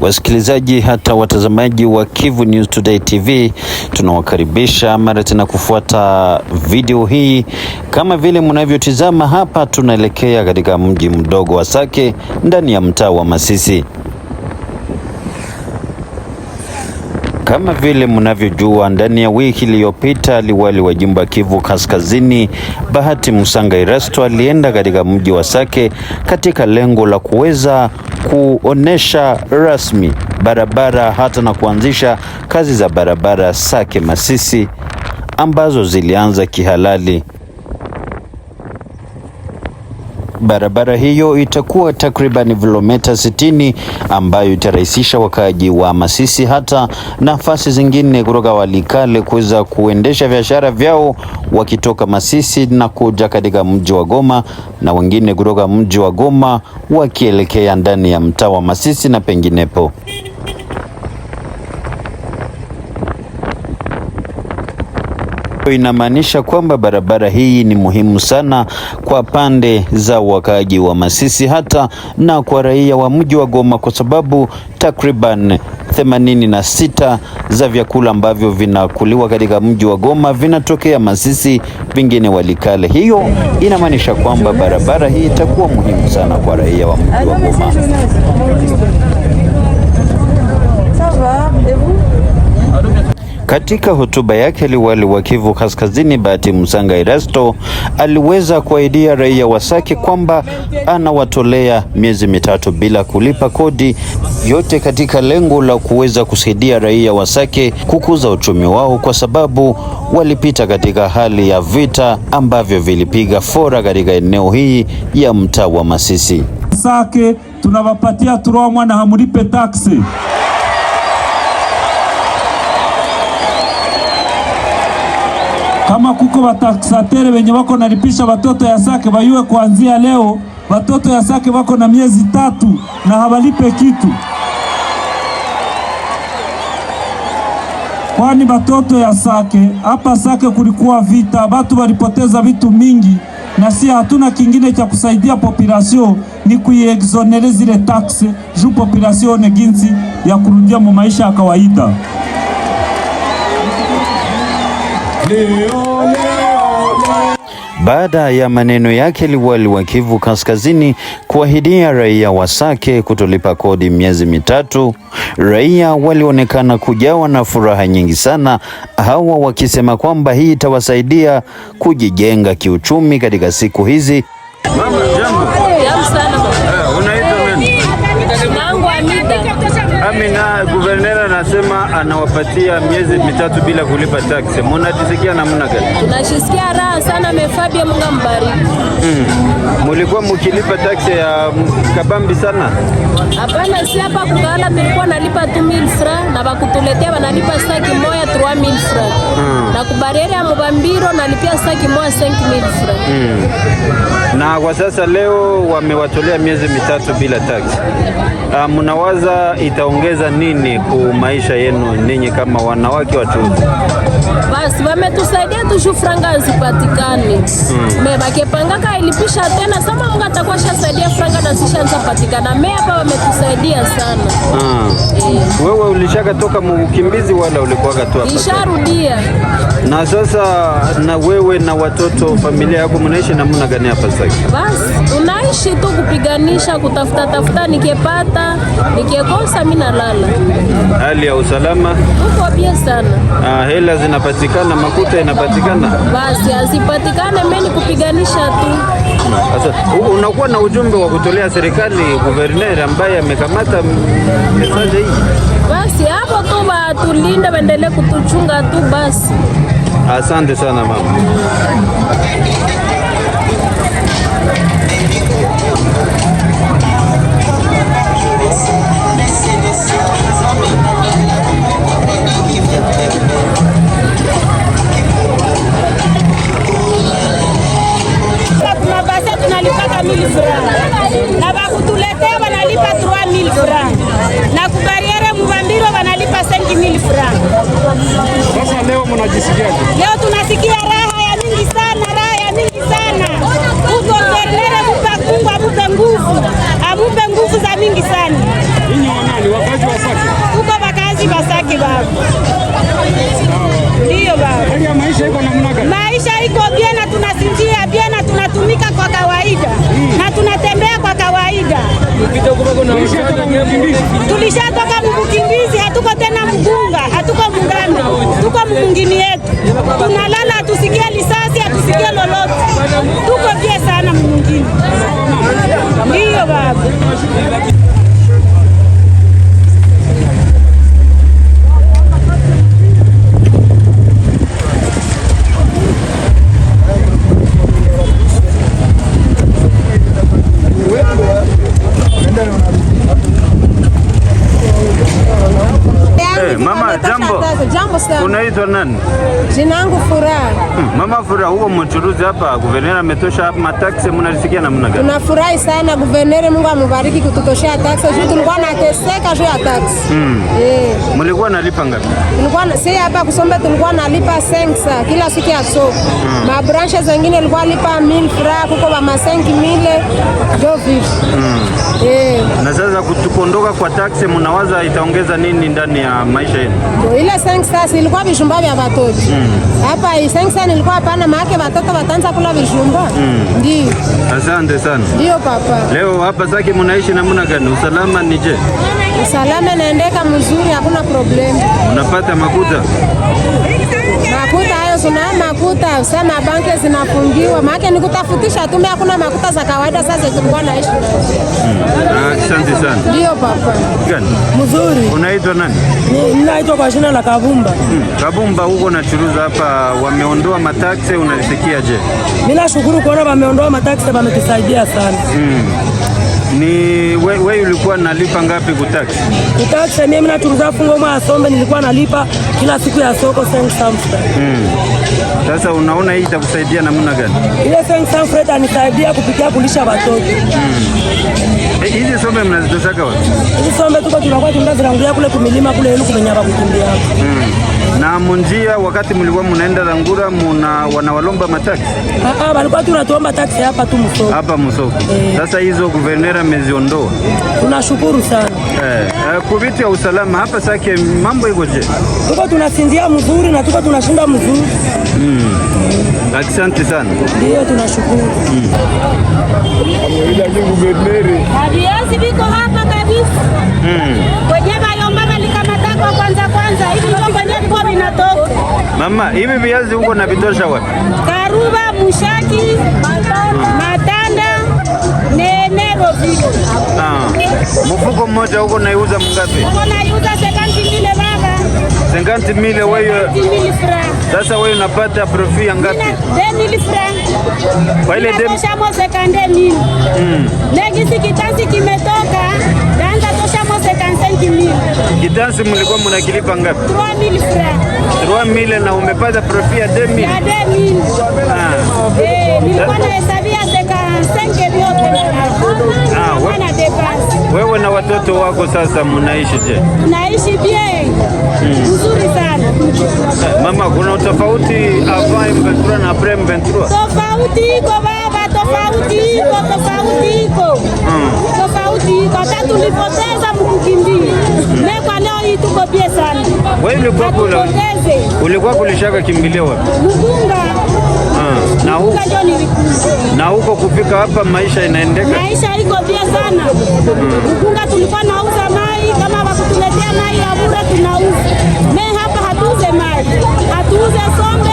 Wasikilizaji hata watazamaji wa Kivu News Today TV, tunawakaribisha mara tena kufuata video hii. Kama vile mnavyotizama hapa, tunaelekea katika mji mdogo wa Sake ndani ya mtaa wa Masisi. Kama vile mnavyojua, ndani ya wiki iliyopita liwali wa jimbo Kivu Kaskazini Bahati Musanga Erasto alienda katika mji wa Sake katika lengo la kuweza kuonesha rasmi barabara hata na kuanzisha kazi za barabara Sake Masisi ambazo zilianza kihalali. Barabara hiyo itakuwa takriban kilomita 60 ambayo itarahisisha wakaaji wa Masisi hata nafasi zingine kutoka Walikale kuweza kuendesha biashara vyao wakitoka Masisi na kuja katika mji wa Goma na wengine kutoka mji wa Goma wakielekea ndani ya mtaa wa Masisi na penginepo. Inamaanisha kwamba barabara hii ni muhimu sana kwa pande za wakaaji wa Masisi hata na kwa raia wa mji wa Goma kwa sababu takriban 86 za vyakula ambavyo vinakuliwa katika mji wa Goma vinatokea Masisi, vingine Walikale. Hiyo inamaanisha kwamba barabara hii itakuwa muhimu sana kwa raia wa mji wa Goma. Katika hotuba yake, liwali wa Kivu Kaskazini Bahati Musanga Erasto aliweza kuahidia raia wa Sake kwamba anawatolea miezi mitatu bila kulipa kodi yote, katika lengo la kuweza kusaidia raia wa Sake kukuza uchumi wao, kwa sababu walipita katika hali ya vita ambavyo vilipiga fora katika eneo hii ya mtaa wa Masisi. Sake tunawapatia turomwa mwana hamulipe taksi Kama kuko wataksatere wenye wako nalipisha watoto ya Sake bayuwe kuanzia leo, watoto ya Sake wako na miezi tatu na hawalipe kitu, kwani watoto ya Sake hapa Sake kulikuwa vita, batu walipoteza vitu mingi, na si hatuna kingine cha kusaidia population ni kuiexonere zile taxe juu population one ginsi ya kurudia mu maisha ya kawaida. Baada ya maneno yake liwali wa Kivu Kaskazini kuahidia raia wa Sake kutolipa kodi miezi mitatu, raia walionekana kujawa na furaha nyingi sana, hawa wakisema kwamba hii itawasaidia kujijenga kiuchumi katika siku hizi. Mama, jambo. Jambo sana. Uh, unaitwa nani? Amina, anasema anawapatia miezi mitatu bila kulipa taksi. Mnajisikia namna gani? Najisikia raha sana, mefabia Mungu ambariki. Mulikuwa mm. mukilipa tax ya kabambi sana? Hapana, si hapa Kukala tulikuwa nalipa 2000 francs na bakutuletea banalipa saki moja 3000 francs. Mm. Na kubariere ya Mubambiro nalipia saki moja 5000 francs. Mm. Na kwa sasa leo wamewatolea miezi mitatu bila tax. Uh, mnawaza itaongeza nini kuma maisha yenu ninyi kama wanawake watuzi? Basi wametusaidia tushu franga zipatikane. Mm. Me bakepangaka ilipisha tena sama unga atakuwa shasaidia franga na sisha nzapatikana. Me hapa wametusaidia sana. Mm. E. Wewe ulishaka toka mukimbizi wala ulikuwa tu hapa? Nisharudia. Na sasa na wewe na watoto familia yako mnaishi namna gani hapa sasa? Basi tunaishi tu kupiganisha kutafuta tafuta nikepata nikekosa mimi nalala hali ya usalama uko pia sana. Ah, hela zinapatikana, makuta inapatikana, basi asipatikane, mimi kupiganisha tu. Sasa unakuwa na ujumbe wa kutolea serikali, guverner ambaye amekamata mesaje hii, basi hapo tu batulinde, waendelee kutuchunga tu basi. Asante sana mama. na bakutuletea wanalipa 3000 francs na kubariere muvambiro wanalipa 5000 francs. Sasa leo mnajisikiaje? Leo tunasikia raha ya mingi sana, raha ya mingi sana. Uguvernere mupe nguvu, amupe ah, nguvu, amupe nguvu za mingi sana. Ninyi wanani wakazi wa Sake? Uko wakazi wa Sake baba maisha iko namna gani? Maisha iko vyema, tunasinjia vyema, tunatumika kwa kawaida hmm, na tunatembea kwa kawaida. Tulishatoka mukimbizi, hatuko tena mgunga, hatuko mungano, tuko mungini yetu, tunalala, hatusikie lisasi, hatusikie lolote, tuko vyema sana. Mama, jambo. Jambo sana. Unaitwa nani? Jina langu Furaha. Hmm, Mama Furaha, huo mchuruzi hapa governor ametosha hapa mataksi, mnalisikia namna gani? Tunafurahi sana governor, Mungu amubariki kututoshea taksi. Sisi tulikuwa na teseka juu ya taksi. Hmm. Eh. Mlikuwa nalipa ngapi? Tulikuwa sisi hapa kusomba tulikuwa nalipa sengsa ah, kila siku ya soko. Hmm. Ma branches zingine ilikuwa lipa 1000 Furaha kuko ba masengi mile. ndio vipi. Hmm. Eh. Na sasa kutukondoka kwa taksi, mnawaza itaongeza nini ndani ya maisha maisha yenu? Ile sengsa ilikuwa vishumba vya watoto. Mm. Hapa hii sengsa ilikuwa hapana maana watoto wataanza kula vishumba. Mm. Ndio. Asante sana. Ndio papa. Leo hapa zake mnaishi namna gani? Usalama ni Usalama naendeka mzuri, hakuna problem. Unapata makuta? makuta hayo suna makuta usema banki zinafungiwa, maake ni kutafutisha tume, hakuna makuta za kawaida sasa tulikuwa naishi. Hmm, ah, asante sana. Ndio papa. Gani? Mzuri. Unaitwa nani? Ninaitwa kwa jina la Kabumba. Hmm. Kabumba, huko nachuruza hapa, wameondoa matakse, unalisikiaje? Mimi nashukuru kuona wameondoa matakse, wametusaidia sana. Hmm. Ni wewe we ulikuwa nalipa ngapi kutaxi? Kutaxi mimi na turuza fungo mwa asombe nilikuwa nalipa kila siku ya soko 500. Mm. Sasa unaona hii itakusaidia namna gani? Ile 500 itanisaidia kupikia kulisha watoto. Mm. hizi sombe mnazitoshaka wapi? Hizi sombe tuko tunakuwa tunazirangulia kule kumilima kule ili yaani kumenyaka kukimbia. Mm. Na munjia wakati mlikuwa munaenda Rangura muna wanawalomba mataksi? Ah, ah walikuwa tunatuomba taksi hapa tu msoko. Hapa msoko. Eh. Sasa hizo guvernera ameziondoa. Tunashukuru sana. Eh, eh, kubiti ya usalama hapa Sake mambo iko je? Tuko tunasinzia mzuri na tuko tunashinda mzuri. Mm. Asante sana. Ndio tunashukuru. Mm. Hadi biko hapa kabisa. Mm. Kwa kwanza kwanza hivi kwa vinatoka. Mama, hivi viazi huko na vitosha wapi? Karuba, Mushaki, Matanda, Nenero vile. Ah. Mfuko mmoja huko naiuza mngapi? Huko naiuza sekanti mile baba. Sekanti mile wewe. Sasa wewe unapata profit ya ngapi? mili franc. Kwa ile dem. Mimi. Mm. Leo kitansi kimetoka. Kitansi mlikuwa mnakilipa ngapi? 3000 francs. 3000 na umepata profit ya 2000. Ya 2000. Ah. Eh, nilikuwa na hesabia 55 elio. Ah, wewe wewe na watoto wako sasa mnaishi je? Naishi bien. Nzuri hmm. sana. Mama, kuna tofauti avant m na après Ventura? Tofauti iko baba, tofauti iko, tofauti iko. Hmm. Tofauti iko. Hata tulipoteza hatukimbie. Kwa leo hii tuko bie sana. Wewe ulikuwa kulishaka kimbilia wapi? Mugunga. Ah, na huko na huko kufika hapa maisha inaendeka. Maisha iko bie sana. Mugunga hmm. tulikuwa nauza mai kama wakutuletea mai ya bure tunauza. Me hapa hatuuze mai. Hatuuze sombe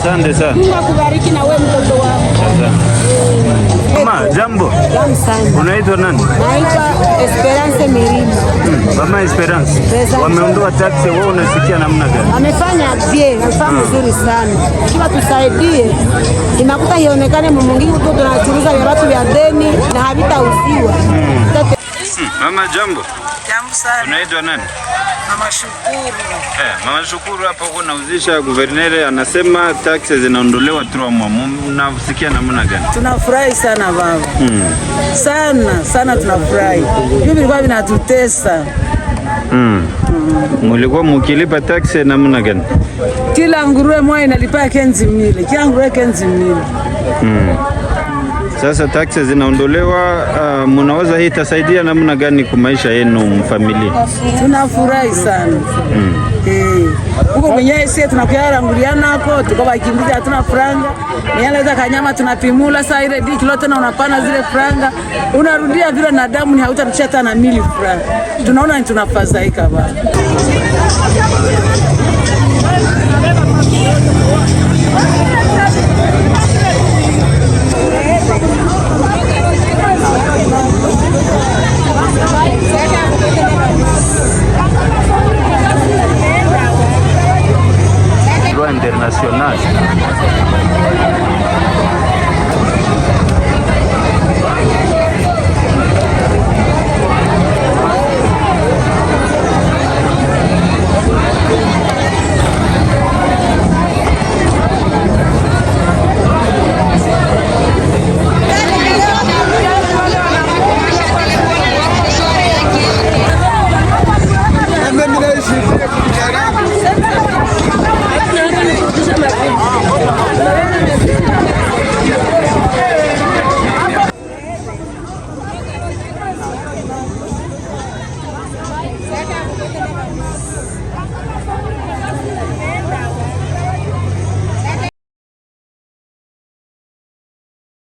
Asante sana. Mungu akubariki na wewe mtoto wako. Asante. Mama, jambo. Jambo sana. Unaitwa nani? Naitwa Esperance Mirima. Hmm. Mama Esperance. Wameondoa taxi, wewe unasikia namna gani? Wamefanya bien, wamefanya hmm. vizuri sana. Kiwa tusaidie. Inakuta ionekane mwingine mtoto tunachuruza vya watu vya deni na hmm. hmm. Mama, jambo sana. Unaitwa nani? Mama Shukuru. Eh, Mama Shukuru hapo kunauzisha, guvernere anasema taxes zinaondolewa Tromwa. Mnasikia namna gani? Tunafurahi sana baba. Mm. Sana sana tunafurahi. Hivi vilikuwa vinatutesa. Mm. Mulikuwa mukilipa taksi namna gani? Kila nguruwe moja inalipa kenzi mili. Kila nguruwe kenzi mili. Mm. Sasa taksi zinaondolewa, uh, mnaweza hii itasaidia namna gani kwa maisha yenu mfamilia? Tunafurahi sana mm. Eh, huko mwenyewe sisi tunakuyaranguliana hapo, tukabakimbiza hatuna franga, nialeza kanyama tunapimula saa ile diki lote na unapana zile franga, unarudia vile na damu ni hautarudia hata na mili franga. Tunaona tunafadhaika bana